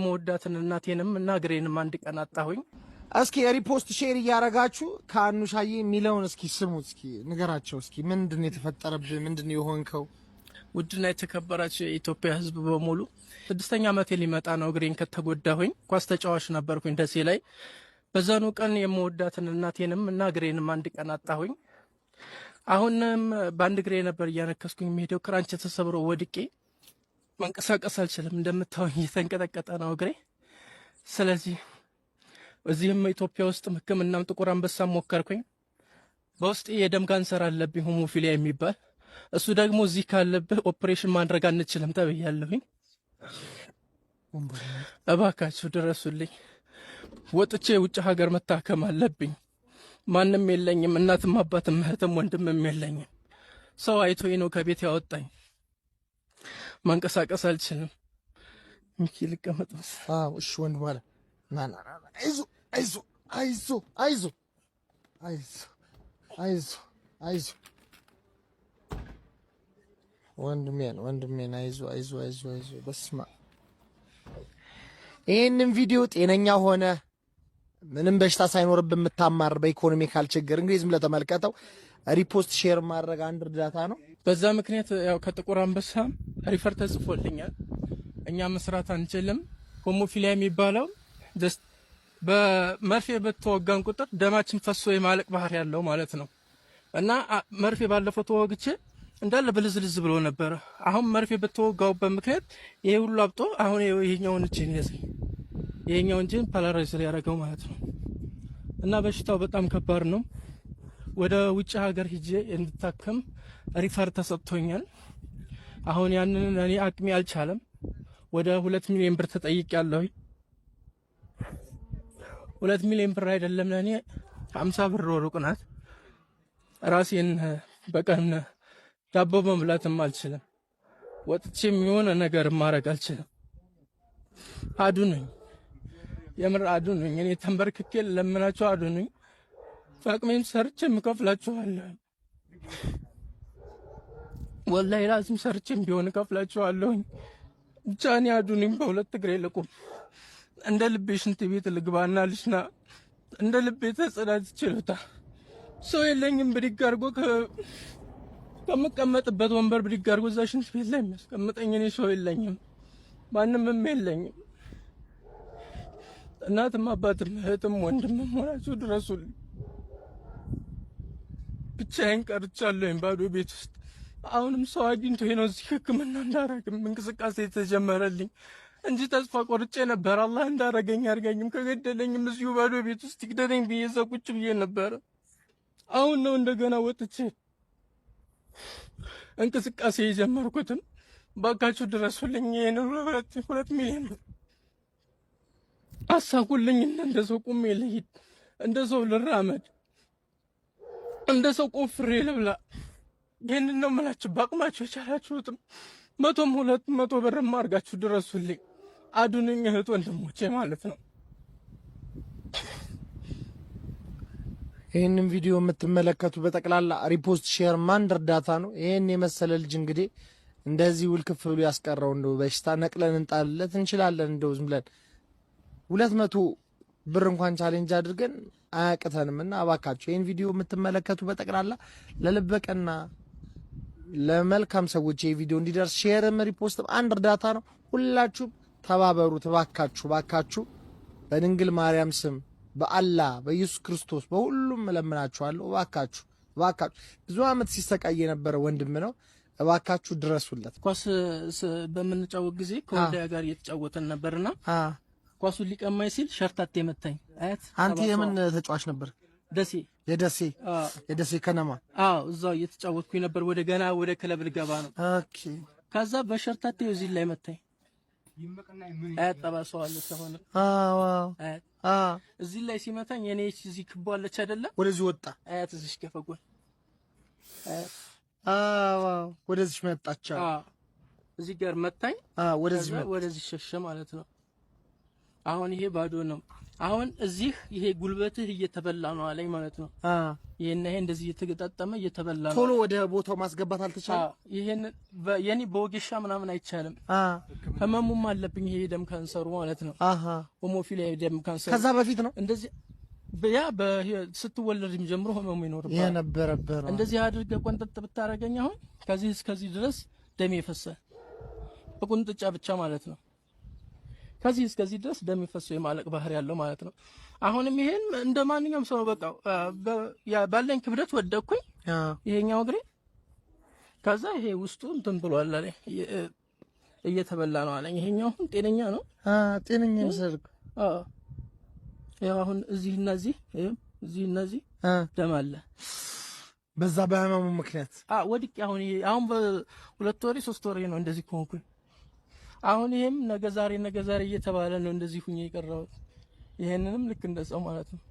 መወዳትን እናቴንም እና እግሬንም አንድ ቀን አጣሁኝ። እስኪ ሪፖስት ሼር እያረጋችሁ ከአኑሻዬ የሚለውን እስኪ ስሙ፣ እስኪ ንገራቸው። እስኪ ምንድን የተፈጠረብህ ምንድን የሆንከው? ውድና የተከበራችሁ የኢትዮጵያ ሕዝብ በሙሉ ስድስተኛ ዓመቴ ሊመጣ ነው። እግሬን ከተጎዳሁኝ ኳስ ተጫዋች ነበርኩኝ ደሴ ላይ። በዛኑ ቀን የመወዳትን እናቴንም እና እግሬንም አንድ ቀን አጣሁኝ። አሁንም በአንድ እግሬ ነበር እያነከስኩኝ የሚሄደው ክራንች ተሰብሮ ወድቄ መንቀሳቀስ አልችልም። እንደምታወኝ እየተንቀጠቀጠ ነው እግሬ። ስለዚህ እዚህም ኢትዮጵያ ውስጥ ሕክምናም ጥቁር አንበሳ ሞከርኩኝ። በውስጥ የደም ካንሰር አለብኝ ሆሞፊሊያ የሚባል እሱ ደግሞ እዚህ ካለብህ ኦፕሬሽን ማድረግ አንችልም ተብያለሁኝ። እባካችሁ ድረሱልኝ። ወጥቼ የውጭ ሀገር መታከም አለብኝ። ማንም የለኝም። እናትም አባትም እህትም ወንድምም የለኝም። ሰው አይቶ ነው ከቤት ያወጣኝ። ማንቀሳቀስ አልችልም። ሚኪ ልቀመጥ። እሺ ወንድም አለ አይዞ አይዞ አይዞ አይዞ አይዞ አይዞ አይዞ ወንድሜን ወንድሜን አይዞ አይዞ አይዞ አይዞ በስማ ይህንን ቪዲዮ ጤነኛ ሆነ ምንም በሽታ ሳይኖርብ የምታማር በኢኮኖሚካል ችግር እንግዲህ ዝም ለተመልከተው ሪፖስት ሼር ማድረግ አንድ እርዳታ ነው። በዛ ምክንያት ያው ከጥቁር አንበሳ ሪፈር ተጽፎልኛል። እኛ መስራት አንችልም። ሆሞፊሊያ የሚባለው በመርፌ በተወጋን ቁጥር ደማችን ፈሶ የማለቅ ባህር ያለው ማለት ነው እና መርፌ ባለፈው ተወግቼ እንዳለ ብልዝልዝ ብሎ ነበረ። አሁን መርፌ በተወጋውበት ምክንያት ይሄ ሁሉ አብጦ አሁን ይሄኛውን እጅ ይሄኛው እንጂ ፓላራይዝ ያደረገው ማለት ነው። እና በሽታው በጣም ከባድ ነው። ወደ ውጭ ሀገር ሂጄ እንድታከም ሪፈር ተሰጥቶኛል። አሁን ያንን እኔ አቅሜ አልቻለም። ወደ ሁለት ሚሊዮን ብር ተጠይቄያለሁ። ሁለት ሚሊዮን ብር አይደለም ለእኔ ሀምሳ ብር ወሩቅ ናት። ራሴን በቀን ዳቦ መብላትም አልችልም። ወጥቼም የሆነ ነገር ማድረግ አልችልም። አዱ ነኝ። የምር አድኑኝ። እኔ ተንበርክኬ ለምናችሁ አድኑኝ። ፈቅሜም ሰርቼ የምከፍላችኋለሁ። ወላሂ ራስም ሰርቼም ቢሆን እከፍላችኋለሁኝ። ብቻ እኔ አድኑኝ። በሁለት እግሬ ልቁም። እንደ ልቤ ሽንት ቤት ልግባና ልሽና እንደ ልቤ ተጽዳት ችሎታ ሰው የለኝም። ብድግ አድርጎ ከምቀመጥበት ወንበር ብድግ አድርጎ እዛ ሽንት ቤት ላይ የሚያስቀምጠኝ እኔ ሰው የለኝም። ማንም የለኝም። እናትም አባትም እህትም ወንድምም ሆናችሁ ድረሱልኝ። ብቻዬን ቀርቻለሁኝ ባዶ ቤት ውስጥ። አሁንም ሰው አግኝቶ ነው እዚህ ሕክምና እንዳረግም እንቅስቃሴ የተጀመረልኝ እንጂ ተስፋ ቆርጬ ነበር። አላህ እንዳረገኝ አርገኝም ከገደለኝም እዚሁ ባዶ ቤት ውስጥ ይግደለኝ ብዬ እዛ ቁጭ ብዬ ነበረ። አሁን ነው እንደገና ወጥቼ እንቅስቃሴ የጀመርኩትም። ባካችሁ ድረሱልኝ። ይህን ሁለት ሚሊዮን አሳቁልኝና እንደ ሰው ቁሜ ልሂድ፣ እንደ ሰው ልራመድ፣ እንደ ሰው ቆፍሬ ልብላ። ይህንን ነው የምላችሁ። በአቅማችሁ የቻላችሁትም መቶም ሁለት መቶ ብርም አድርጋችሁ ድረሱልኝ፣ አዱንኝ እህት ወንድሞቼ ማለት ነው። ይህንን ቪዲዮ የምትመለከቱ በጠቅላላ ሪፖስት፣ ሼር ማንድ እርዳታ ነው። ይህን የመሰለ ልጅ እንግዲህ እንደዚህ ውልክፍ ብሎ ያስቀረው እንደው በሽታ ነቅለን እንጣልለት እንችላለን እንደው ዝም ብለን ሁለት መቶ ብር እንኳን ቻሌንጅ አድርገን አያቅተንም እና እባካችሁ ይህን ቪዲዮ የምትመለከቱ በጠቅላላ ለልበቀና ለመልካም ሰዎች ይህ ቪዲዮ እንዲደርስ ሼርም ሪፖስትም አንድ እርዳታ ነው። ሁላችሁም ተባበሩት ባካችሁ ባካችሁ። በድንግል ማርያም ስም በአላ በኢየሱስ ክርስቶስ በሁሉም እለምናችኋለሁ። እባካችሁ እባካችሁ ብዙ ዓመት ሲሰቃይ የነበረ ወንድም ነው። እባካችሁ ድረሱለት። ኳስ በምንጫወት ጊዜ ከወልዳያ ጋር እየተጫወተን ነበርና ኳሱን ሊቀማኝ ሲል ሸርታቴ መታኝ። አያት አንተ የምን ተጫዋች ነበር? ደሴ የደሴ የደሴ ከነማ። አዎ እዛው እየተጫወትኩኝ ነበር። ወደ ገና ወደ ክለብ ልገባ ነው። ኦኬ። ከዛ በሸርታቴ እዚህ ላይ መታኝ። አያት ጠባሳው አለ ተሆነ። አዎ አያት አዎ። እዚህ ላይ ሲመታኝ የኔ እዚህ ክቦ አለች አይደለ? ወደዚህ ወጣ። አያት እዚህ ገፈጎል። አዎ ወደዚህ መጣች። አዎ እዚህ ጋር መታኝ። አዎ ወደዚህ ወደዚህ ሸሸ ማለት ነው። አሁን ይሄ ባዶ ነው። አሁን እዚህ ይሄ ጉልበትህ እየተበላ ነው አለኝ ማለት ነው። ይሄን ይሄ እንደዚህ እየተገጣጠመ እየተበላ ነው። ቶሎ ወደ ቦታው ማስገባት አልተቻለም። ይሄን የኔ በወጌሻ ምናምን አይቻልም። ህመሙም አለብኝ። ይሄ ደም ካንሰሩ ማለት ነው። አሃ ሆሞፊሊያ ደም ካንሰሩ ከዛ በፊት ነው እንደዚህ ያ ስትወለድም ጀምሮ ህመሙ ይኖርብህ የነበረብህ እንደዚህ አድርገ ቆንጠጥ ብታረገኝ አሁን ከዚህ እስከዚህ ድረስ ደም የፈሰ በቁንጥጫ ብቻ ማለት ነው። ከዚህ እስከዚህ ድረስ ደም የሚፈሰው የማለቅ ባህር ያለው ማለት ነው። አሁንም ይሄን እንደ ማንኛውም ሰው በቃ ባለኝ ክብደት ወደኩኝ፣ ይሄኛው እግሬ ከዛ ይሄ ውስጡ እንትን ብሏል አለኝ፣ እየተበላ ነው አለኝ። ይሄኛው አሁን ጤነኛ ነው። ጤነኛ ይመስላል። ያው አሁን እዚህ እና እዚህ እዚህ እና እዚህ ደም አለ በዛ በህመሙ ምክንያት ወድቄ አሁን አሁን በሁለት ወሬ ሶስት ወሬ ነው እንደዚህ ከሆንኩኝ አሁን ይሄም ነገ ዛሬ ነገ ዛሬ እየተባለ ነው እንደዚህ ሁኜ የቀረሁት። ይሄንንም ልክ እንደሰው ማለት ነው።